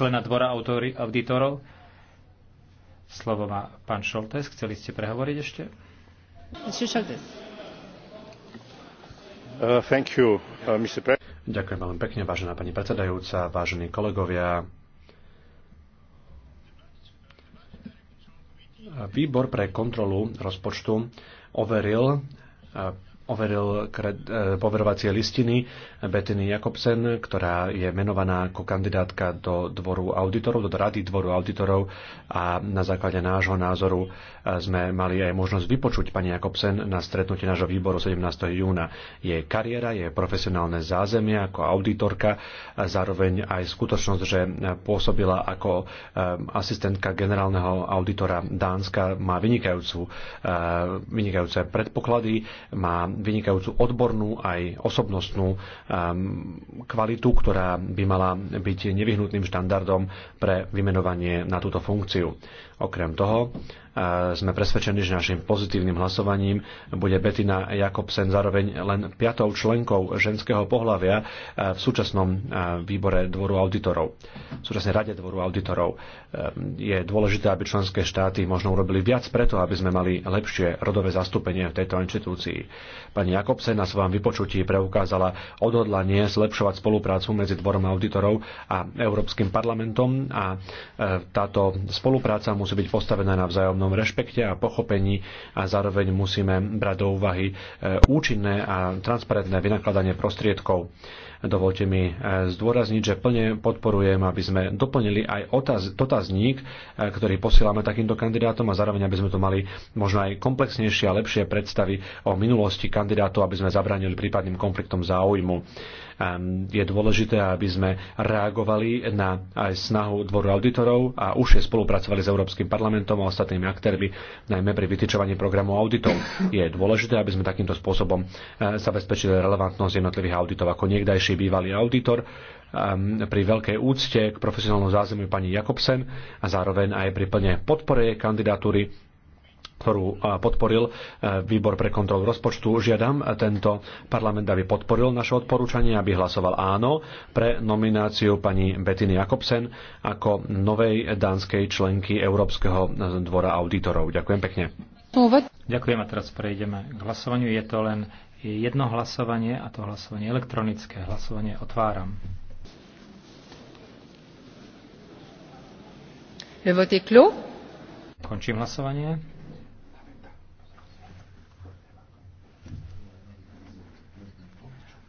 člena dvora autory, auditorov. Slovo má pán Šoltes. Chceli ste prehovoriť ešte? Uh, thank you, uh, Mr. Ďakujem veľmi pekne, vážená pani predsedajúca, vážení kolegovia. Výbor pre kontrolu rozpočtu overil uh, overil e, poverovacie listiny Betiny Jakobsen, ktorá je menovaná ako kandidátka do dvoru auditorov, do rady dvoru auditorov a na základe nášho názoru e, sme mali aj možnosť vypočuť pani Jakobsen na stretnutí nášho výboru 17. júna. Jej kariéra, jej profesionálne zázemie ako auditorka, a zároveň aj skutočnosť, že pôsobila ako e, asistentka generálneho auditora Dánska, má vynikajúcu, vynikajúce predpoklady, má vynikajúcu odbornú aj osobnostnú um, kvalitu, ktorá by mala byť nevyhnutným štandardom pre vymenovanie na túto funkciu. Okrem toho e, sme presvedčení, že našim pozitívnym hlasovaním bude Betina Jakobsen zároveň len piatou členkou ženského pohľavia e, v súčasnom e, výbore Dvoru auditorov, v súčasnej rade Dvoru auditorov. Je dôležité, aby členské štáty možno urobili viac preto, aby sme mali lepšie rodové zastúpenie v tejto inštitúcii. Pani Jakobsen na svojom vypočutí preukázala odhodlanie zlepšovať spoluprácu medzi Dvorom auditorov a Európskym parlamentom a táto spolupráca musí musí byť postavené na vzájomnom rešpekte a pochopení a zároveň musíme brať do úvahy e, účinné a transparentné vynakladanie prostriedkov. Dovolte mi e, zdôrazniť, že plne podporujem, aby sme doplnili aj otaz, dotazník, e, ktorý posielame takýmto kandidátom a zároveň, aby sme tu mali možno aj komplexnejšie a lepšie predstavy o minulosti kandidátov, aby sme zabránili prípadným konfliktom záujmu. Ehm, je dôležité, aby sme reagovali na aj snahu dvoru auditorov a už je spolupracovali s Európskym parlamentom a ostatnými aktérmi, najmä pri vytýčovaní programu auditov. Je dôležité, aby sme takýmto spôsobom eh, zabezpečili relevantnosť jednotlivých auditov. Ako niekdajší bývalý auditor, ehm, pri veľkej úcte k profesionálnom zázemiu pani Jakobsen a zároveň aj pri plne podpore kandidatúry ktorú podporil e, výbor pre kontrolu rozpočtu. Žiadam e, tento parlament, aby podporil naše odporúčanie, aby hlasoval áno pre nomináciu pani Betiny Jakobsen ako novej dánskej členky Európskeho dvora auditorov. Ďakujem pekne. Ďakujem a teraz prejdeme k hlasovaniu. Je to len jedno hlasovanie a to hlasovanie elektronické. Hlasovanie otváram. Le vote est clos. Končím hlasovanie.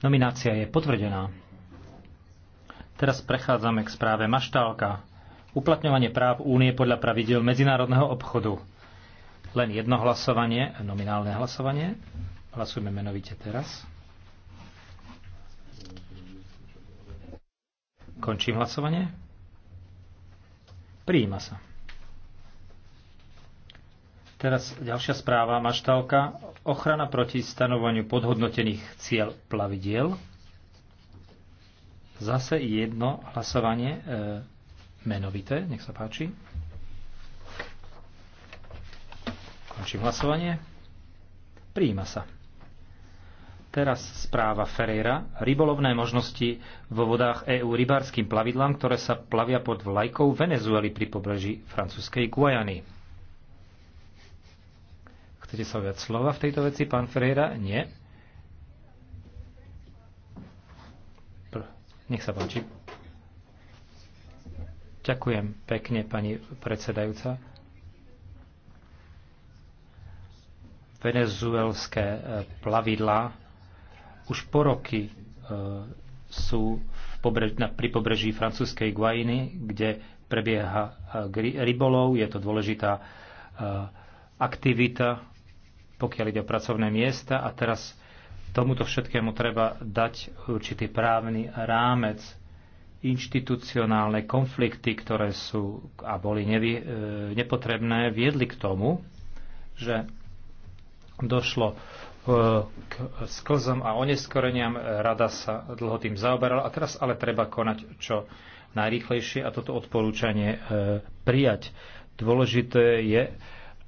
Nominácia je potvrdená. Teraz prechádzame k správe Maštálka. Uplatňovanie práv únie podľa pravidel medzinárodného obchodu. Len jedno hlasovanie, nominálne hlasovanie. Hlasujeme menovite teraz. Končím hlasovanie. Prijíma sa. Teraz ďalšia správa, maštalka. Ochrana proti stanovaniu podhodnotených cieľ plavidiel. Zase jedno hlasovanie e, menovité. Nech sa páči. Končím hlasovanie. Prijíma sa. Teraz správa Ferreira. Rybolovné možnosti vo vodách EÚ rybárským plavidlám, ktoré sa plavia pod vlajkou Venezueli pri pobreží francúzskej Guajany. Chcete sa viac slova v tejto veci, pán Ferreira? Nie. Nech sa páči. Ďakujem pekne, pani predsedajúca. Venezuelské e, plavidlá už po roky e, sú pri pobreží francúzskej Guajiny, kde prebieha e, rybolov. Je to dôležitá aktivita pokiaľ ide o pracovné miesta a teraz tomuto všetkému treba dať určitý právny rámec, inštitucionálne konflikty, ktoré sú a boli nevy, e, nepotrebné, viedli k tomu, že došlo e, k sklzom a oneskoreniam. Rada sa dlho tým zaoberala a teraz ale treba konať čo najrýchlejšie a toto odporúčanie e, prijať. Dôležité je,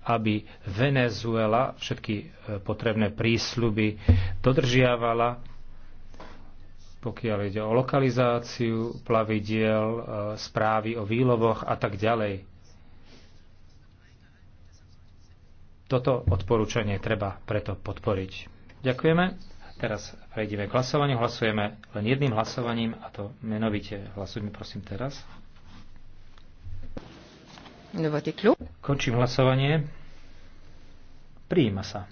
aby Venezuela všetky e, potrebné prísľuby dodržiavala, pokiaľ ide o lokalizáciu plavidiel, e, správy o výlovoch a tak ďalej. Toto odporúčanie treba preto podporiť. Ďakujeme. Teraz prejdeme k hlasovaniu. Hlasujeme len jedným hlasovaním a to menovite. Hlasujme prosím teraz. Končím hlasovanie. Prijíma sa.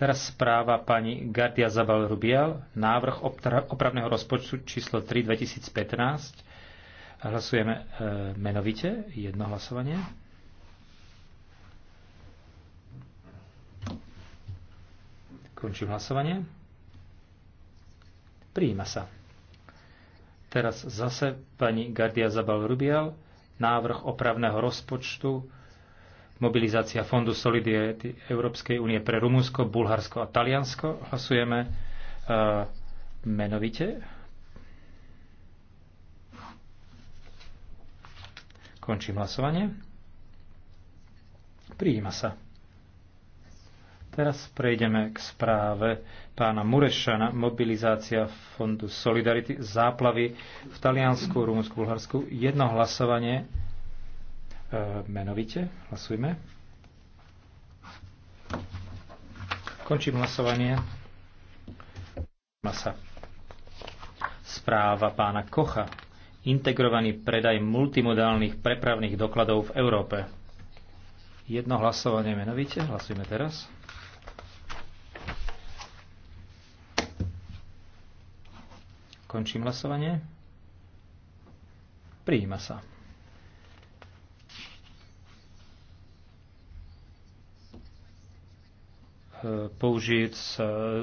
Teraz správa pani Gardia Zabal Rubial, návrh opravného rozpočtu číslo 3 2015. Hlasujeme e, menovite, jedno hlasovanie. Končím hlasovanie. Prijíma sa. Teraz zase pani Gardia Zabal Rubial, návrh opravného rozpočtu, mobilizácia Fondu Solidarity Európskej únie pre Rumunsko, Bulharsko a Taliansko. Hlasujeme uh, menovite. Končím hlasovanie. Prijíma sa. Teraz prejdeme k správe pána Murešana, mobilizácia Fondu Solidarity, záplavy v Taliansku, Rumunsku, Bulharsku. Jedno hlasovanie, e, menovite, hlasujme. Končím hlasovanie. Masa. Správa pána Kocha. Integrovaný predaj multimodálnych prepravných dokladov v Európe. Jedno hlasovanie menovite. Hlasujeme teraz. Končím hlasovanie. Prijíma sa. E, použiť e,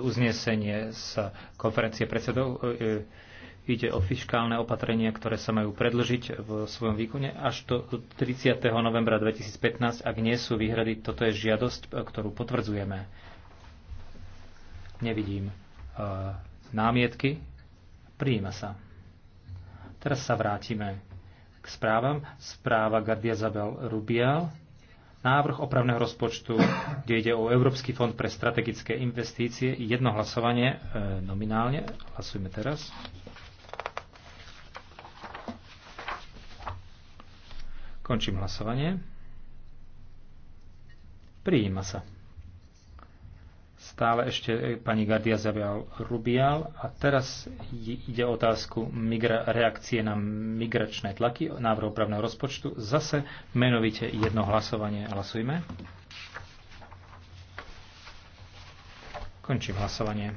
uznesenie z konferencie predsedov. E, ide o fiskálne opatrenia, ktoré sa majú predlžiť v svojom výkone až do 30. novembra 2015. Ak nie sú výhrady, toto je žiadosť, ktorú potvrdzujeme. Nevidím námietky. Prijíma sa. Teraz sa vrátime k správam. Správa Gardia Zabel Rubial. Návrh opravného rozpočtu, kde ide o Európsky fond pre strategické investície. Jedno hlasovanie e, nominálne. Hlasujme teraz. Končím hlasovanie. Prijíma sa stále ešte e, pani Gardia Zavial Rubial. A teraz ide o otázku migra- reakcie na migračné tlaky, návrh opravného rozpočtu. Zase menovite jedno hlasovanie. Hlasujme. Končím hlasovanie.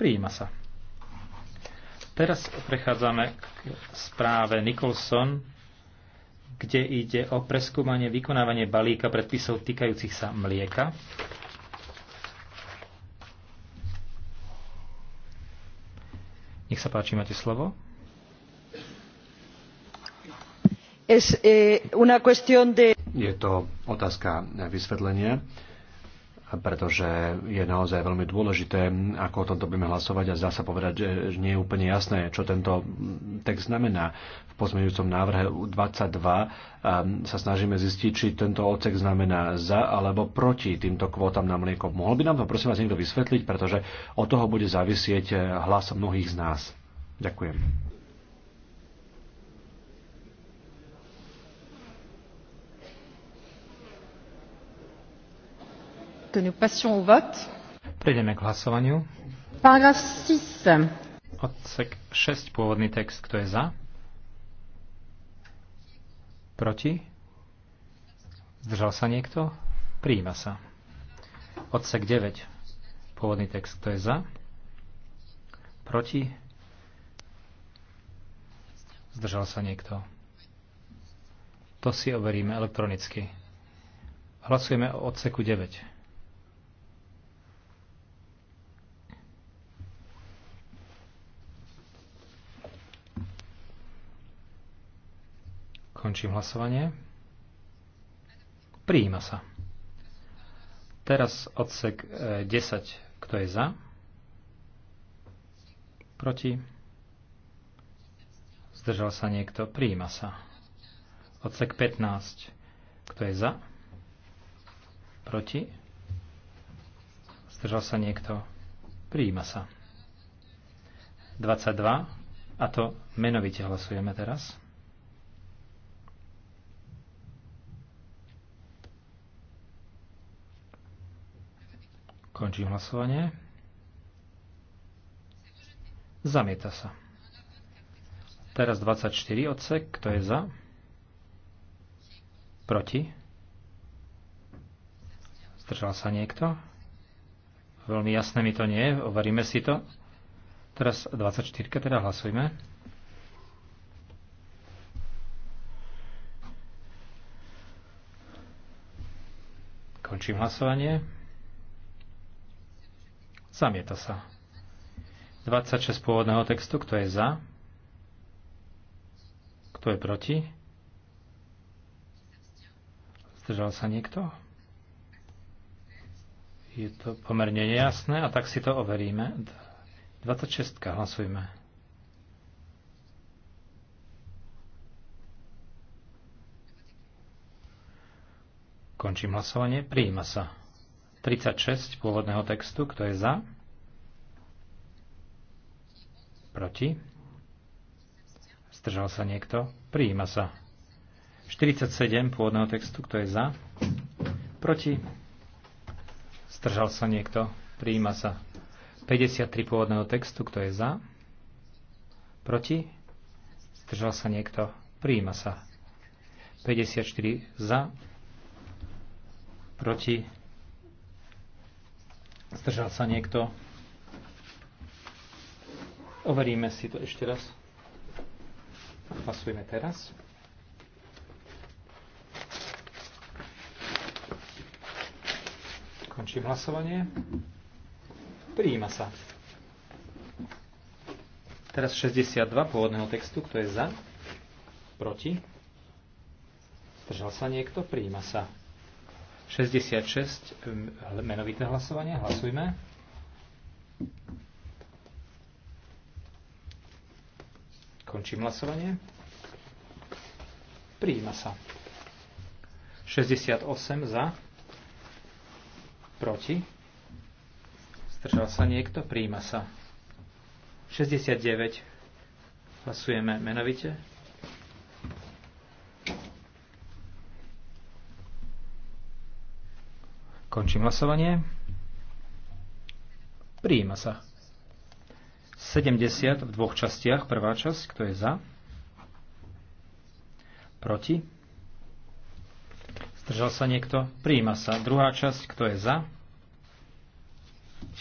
Prijíma sa. Teraz prechádzame k správe Nicholson kde ide o preskúmanie vykonávanie balíka predpisov týkajúcich sa mlieka. Nech sa páči, máte slovo. Eh, Je to otázka vysvetlenia pretože je naozaj veľmi dôležité, ako o tomto budeme hlasovať a zdá sa povedať, že nie je úplne jasné, čo tento text znamená. V pozmeňujúcom návrhe 22 sa snažíme zistiť, či tento odsek znamená za alebo proti týmto kvótam na mlieko. Mohol by nám to prosím vás niekto vysvetliť, pretože od toho bude závisieť e, hlas mnohých z nás. Ďakujem. que nous passions au vote. Prejdeme k hlasovaniu. Paragraf 6. Odsek 6, pôvodný text, kto je za? Proti? Zdržal sa niekto? Prijíma sa. Odsek 9, pôvodný text, kto je za? Proti? Zdržal sa niekto? To si overíme elektronicky. Hlasujeme o odseku 9. Končím hlasovanie. Prijíma sa. Teraz odsek 10. E, Kto je za? Proti? Zdržal sa niekto? Prijíma sa. Odsek 15. Kto je za? Proti? Zdržal sa niekto? Prijíma sa. 22. A to menovite hlasujeme teraz. Končím hlasovanie. Zamieta sa. Teraz 24 odsek. Kto je za? Proti? Zdržal sa niekto? Veľmi jasné mi to nie je. Overíme si to. Teraz 24, teda hlasujme. Končím hlasovanie. Zamieta sa. 26 pôvodného textu, kto je za? Kto je proti? Zdržal sa niekto? Je to pomerne nejasné a tak si to overíme. 26. Hlasujme. Končím hlasovanie. Prijíma sa. 36 pôvodného textu, kto je za? Proti? Zdržal sa niekto? Prijíma sa. 47 pôvodného textu, kto je za? Proti? Zdržal sa niekto? Prijíma sa. 53 pôvodného textu, kto je za? Proti? Zdržal sa niekto? Prijíma sa. 54 za? Proti? Zdržal sa niekto? Overíme si to ešte raz. Hlasujeme teraz. Končím hlasovanie. Prijíma sa. Teraz 62 pôvodného textu, kto je za, proti. Zdržal sa niekto, prijíma sa. 66, menovité hlasovanie, hlasujme. Končím hlasovanie. Prijíma sa. 68 za, proti, zdržal sa niekto, prijíma sa. 69, hlasujeme menovite, Končím hlasovanie. Prijíma sa. 70 v dvoch častiach. Prvá časť, kto je za? Proti? Zdržal sa niekto? Prijíma sa. Druhá časť, kto je za?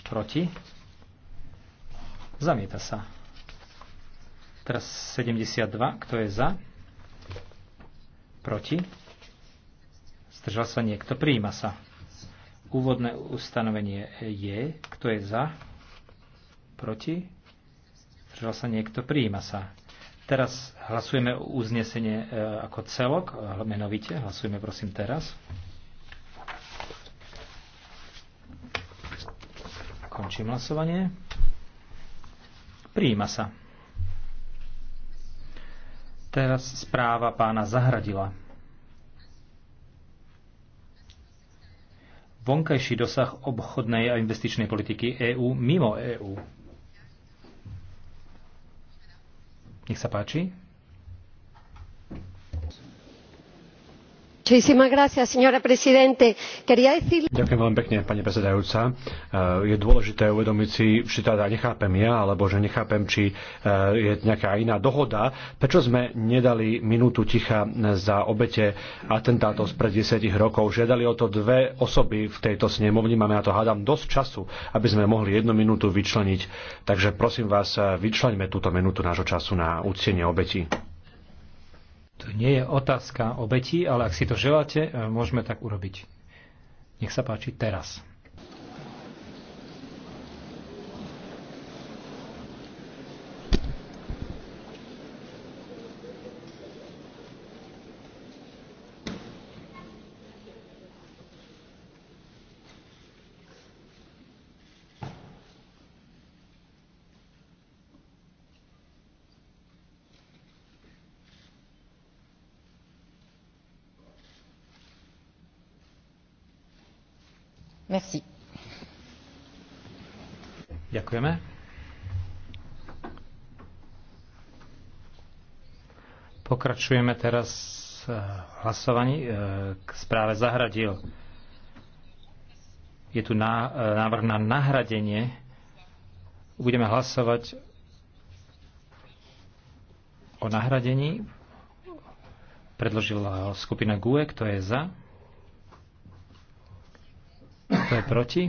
Proti? Zamieta sa. Teraz 72, kto je za? Proti? Zdržal sa niekto? Prijíma sa. Úvodné ustanovenie je, kto je za, proti, zdržal sa niekto, prijíma sa. Teraz hlasujeme o uznesenie e, ako celok, e, menovite, hlasujeme prosím teraz. Končím hlasovanie. Prijíma sa. Teraz správa pána Zahradila. vonkajší dosah obchodnej a investičnej politiky EÚ mimo EÚ. Nech sa páči. Ďakujem veľmi pekne, pani predsedajúca. Eh, je dôležité uvedomiť si, či teda nechápem ja, alebo že nechápem, či eh, je nejaká iná dohoda, prečo sme nedali minútu ticha za obete atentátov spred 10 rokov. Žiadali o to dve osoby v tejto snemovni, máme na to, hádam, dosť času, aby sme mohli jednu minútu vyčleniť. Takže prosím vás, eh, vyčleňme túto minútu nášho času na úctenie obetí. To nie je otázka obetí, ale ak si to želáte, e, môžeme tak urobiť. Nech sa páči teraz. Merci. Ďakujeme. Pokračujeme teraz eh, hlasovaní eh, k správe Zahradil. Je tu eh, návrh na nahradenie. Budeme hlasovať o nahradení. Predložila skupina GUE, kto je za. Kto je proti?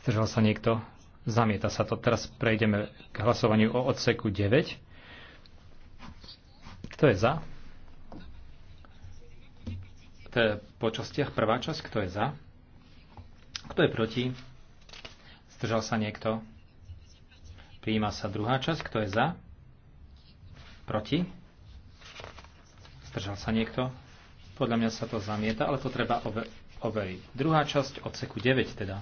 Zdržal sa niekto? Zamieta sa to. Teraz prejdeme k hlasovaniu o odseku 9. Kto je za? To je po častiach prvá časť. Kto je za? Kto je proti? Zdržal sa niekto? Prijíma sa druhá časť. Kto je za? Proti? Zdržal sa niekto? Podľa mňa sa to zamieta, ale to treba overiť. Druhá časť odseku 9 teda.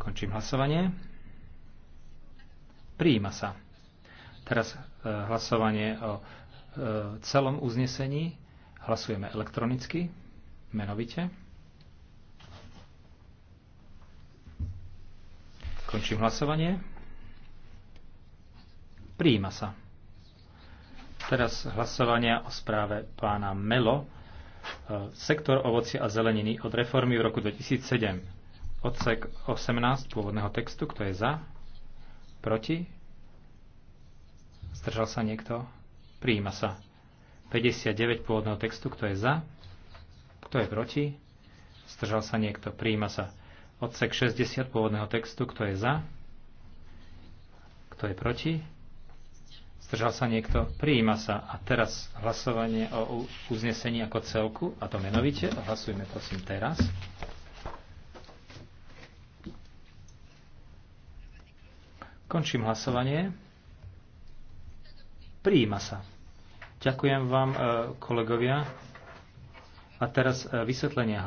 Končím hlasovanie. Prijíma sa. Teraz e, hlasovanie o e, celom uznesení. Hlasujeme elektronicky, menovite. Končím hlasovanie. Prijíma sa. Teraz hlasovania o správe pána Melo. E, sektor ovoci a zeleniny od reformy v roku 2007. Odsek 18 pôvodného textu. Kto je za? Proti? Zdržal sa niekto? Prijíma sa. 59 pôvodného textu. Kto je za? Kto je proti? Zdržal sa niekto? Prijíma sa. Odsek 60 pôvodného textu. Kto je za? Kto je proti? Zdržal sa niekto? Prijíma sa. A teraz hlasovanie o uznesení ako celku, a to menovite. Hlasujme prosím teraz. Končím hlasovanie. Prijíma sa. Ďakujem vám, e, kolegovia. A teraz e, vysvetlenie